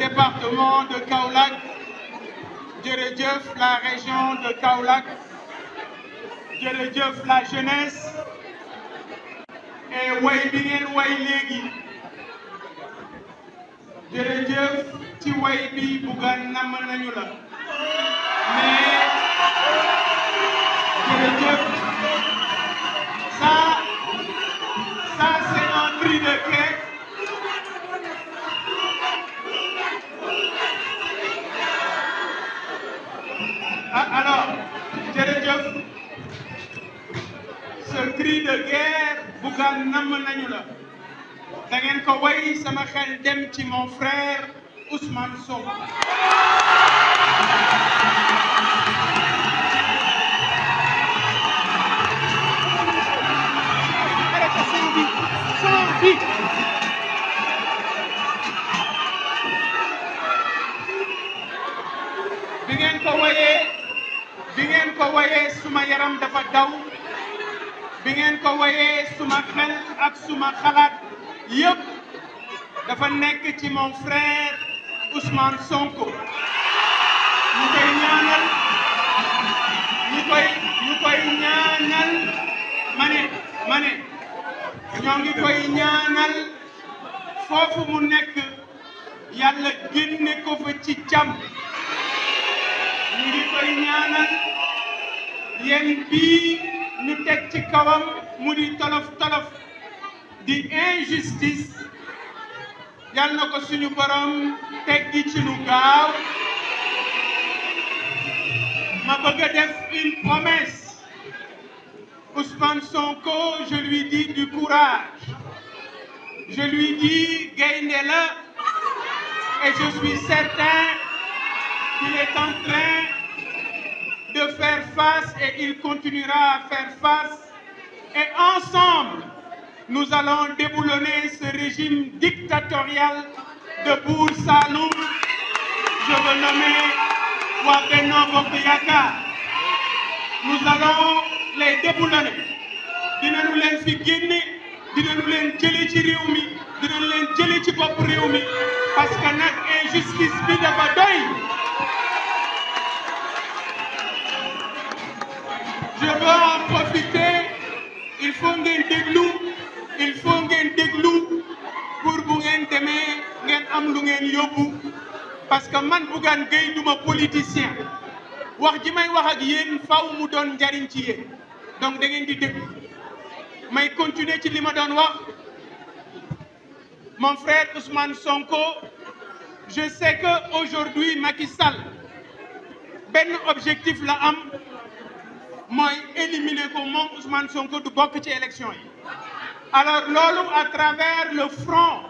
département de Kaolack jërëjëf la région de Kaolack jërëjëf la jeunesse et way bi ngeen way léegi jërëjëf ci mais jërëjëf da ngeen ko way sama xel dem ci mon frère Ousmane Sonko bi ko wayee bi ngeen ko suma yaram dafa daw bi ngeen ko wayee suma xel ak suma xalaat yëpp dafa nekk ci mon frère Ousmane Sonko ñu koy ñaanal ñu koy ñu koy ñaanal ma ne ma ne ñoo ngi koy ñaanal foofu mu nekk yàlla génne ko fa ci jàmm ñu ngi koy ñaanal yéen bii ñu teg ci kawam mu di tolof tolof di injustice yal na ko suñu borom teggi ci lu gaaw ma bëgg une promesse Ousmane je lui dis du courage je lui dis gaynde et je suis certain qu'il est en train de faire face et il continuera à faire face et ensemble nous allons déboulonner ce régime dictatorial de Bour Saloum je veux nommer waa Benno Bokk Yaakaar nous allons les déboulonner dinañu leen fi génne dinañu leen jëlee ci mi dinañu ci bopp parce que nag injustice bi dafa doy je veux en profiter il faut ngeen déglu ñu yóbbu parce que man Bougane Gueye duma politicien wax ji may wax ak yéen faw mu doon njariñ ci yéen donc da di déglu may continuer ci li ma doon wax mon frère Ousmane Sonko je sais que aujourd'hui Macky Sall benn objectif la am mooy éliminer ko moom Ousmane Sonko du bokk ci élection yi alors loolu à travers le front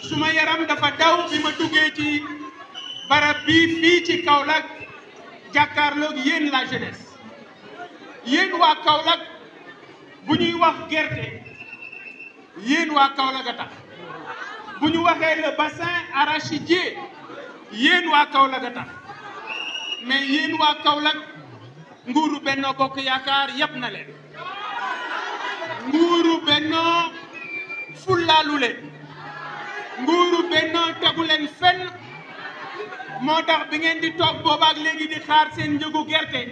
suma yaram dafa daw bi ma duggee ci barab bii fii ci Kaolack jàkkaarloog yéen la jeunesse yéen waa Kaolack bu ñuy wax gerte yéen waa Kaolack a tax bu ñu waxee le bassin arachidier yéen waa Kaolack a tax mais yéen waa Kaolack nguuru Benno Bokk Yaakaar yëpp na leen nguuru Benno fullaalu leen nguuru bennoo tegu leen fenn moo tax bi ngeen di toog boobaak léegi di xaar seen njëgu gerte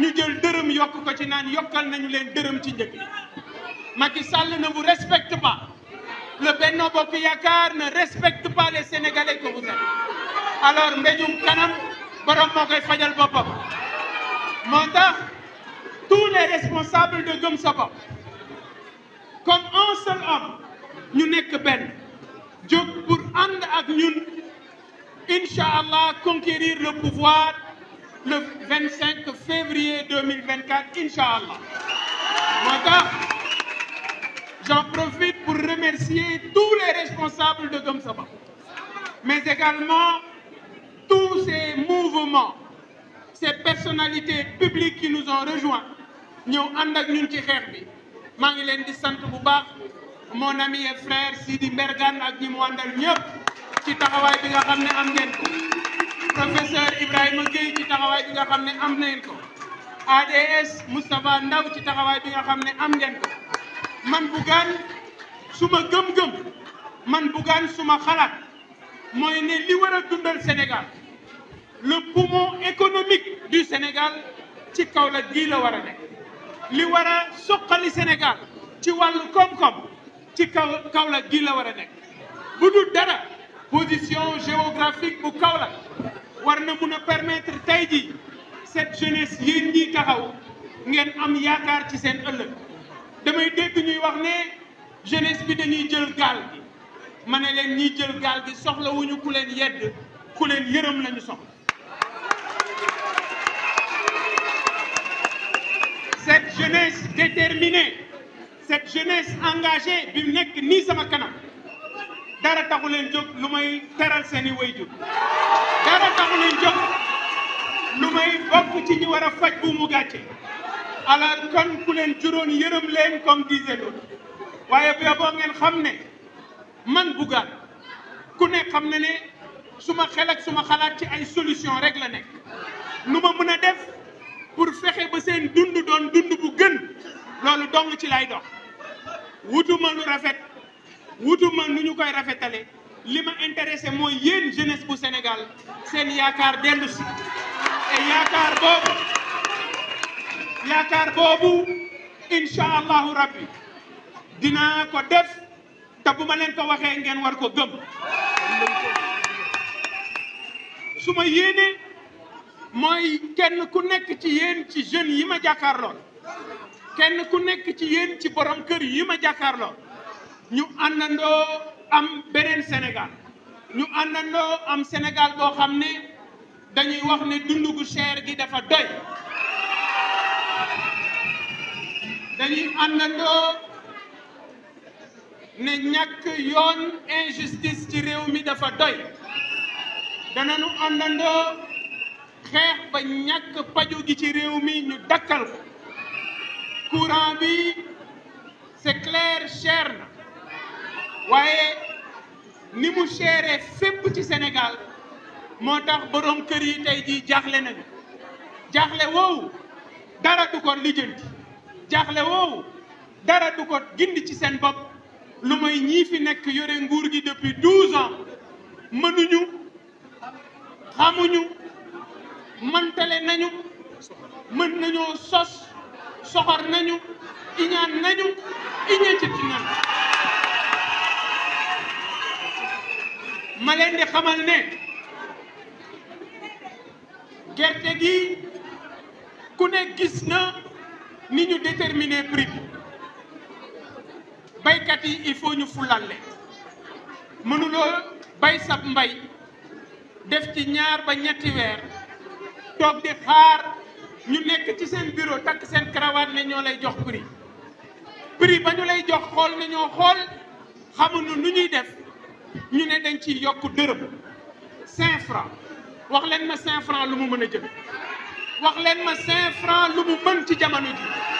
ñu jël dërëm yokk ko ci naan yokkal nañu leen dërëm ci njëg li Macky Sall ne vous respecte pas le Benno Bokk Yaakaar ne respecte pas les Sénégalais que vous êtes alors mbéjum kanam borom moo koy fajal boppam moo tax tous les responsables de Gëm sa bopp comme un seul ñu nekk benn jóg pour ànd ak ñun incha allah conquérir le pouvoir le 25 février 2024 incha allah moo tax j'en profite pour remercier tous les responsables de Gëm Sa Bopp mais également tous ces mouvements ces personnalités publiques qui ak ñun ci xeex bi maa ngi leen di sant bu baax mon ami et frère Sidi Mbergane ak ñi mu àndal ñëpp ci taxawaay bi nga xam ne am ngeen ko professeur Ibrahima Gueye ci taxawaay bi nga xam ne am ngeen ko ADS Moustapha Ndaw ci taxawaay bi nga xam ne am ngeen ko man Bougane suma gëm-gëm man Bougane suma xalaat mooy ne li war a dundal Sénégal le poumon économique du Sénégal ci Kaolack gii la war a nekk li war soqali Sénégal ci wàll koom-koom ci kaw Kaolack gii la war a nekk bu dul dara position géographique bu Kaolack war na mun a permettre tey jii set jeunesse yéen ñii taxaw ngeen am yaakaar ci seen ëllëg damay dégg ñuy wax ne jeunesse bi dañuy jël gaal gi ma ne leen ñiy jël gaal gi soxlawuñu ku leen yedd ku leen yërëm lañu soxla cette jeunesse déterminée cet jeunesse engagée bi nekk nii sama kanam dara taxu leen jóg lu may taral seeni waajur dara taxu leen jóg lu may bokk ci ñi war faj bu mu gàcce alors ku leen juróon yërëm leen comme disait l'autre waaye bu boo ngeen xam ne man Bougane ku nekk xam ne ne suma xel suma xalaat ci ay solution rek la nekk lu ma mën a def pour fexe ba seen dund doon dund bu gën loolu dong ci lay dox wutuma lu rafet wutu nu ñu koy rafetale li ma intéressé mooy yéen jeunesse bu Sénégal seen yaakaar dellusi si te yaakaar boobu yaakaar boobu incha allahu rabbi dinaa ko def te bu ma leen ko waxee ngeen war ko gëm su ma yéene mooy kenn ku nekk ci yéen ci jeunes yi ma jàkkaarlool kenn ku nekk ci yéen ci borom kër yi ma jàkkaarloo ñu àndandoo am beneen Sénégal ñu àndandoo am Sénégal boo xam ne dañuy wax ne dund gu cher gi dafa doy dañuy àndandoo ne ñàkk yoon injustice ci réew mi dafa doy danañu àndandoo xeex ba ñàkk paju gi ci réew mi ñu dakkal ko courant bi c'est clair cher na waaye ni mu chéré fépp ci Sénégal moo tax boroom kër yi tey jii jaaxle nañu jaaxle woowu dara du ko lijjanti jaaxle woowu dara du ko gindi ci seen bopp lu may ñii fi nekk yore nguur gi depuis douze ans mënuñu xamuñu mantale nañu mën nañoo sos soxor nañu iñaan nañu iñeeciti nañu ma leen di xamal ne gerte gi ku ne gis na ni ñu déterminer prix bi baykat yi il faut ñu fulalle mënuloo bay mbay def ci ñaar ba ñetti weer toog di xaar ñu nekk ci seen bureau takk seen cravate ne ñoo lay jox prix prix ba ñu lay jox xool na ñoo xool xamuñu nu ñuy def ñu ne dañ ciy yokk dërëm cinq francs wax leen ma cinq francs lu mu mën a jënd wax leen ma cinq francs lu mu mën ci jamono jii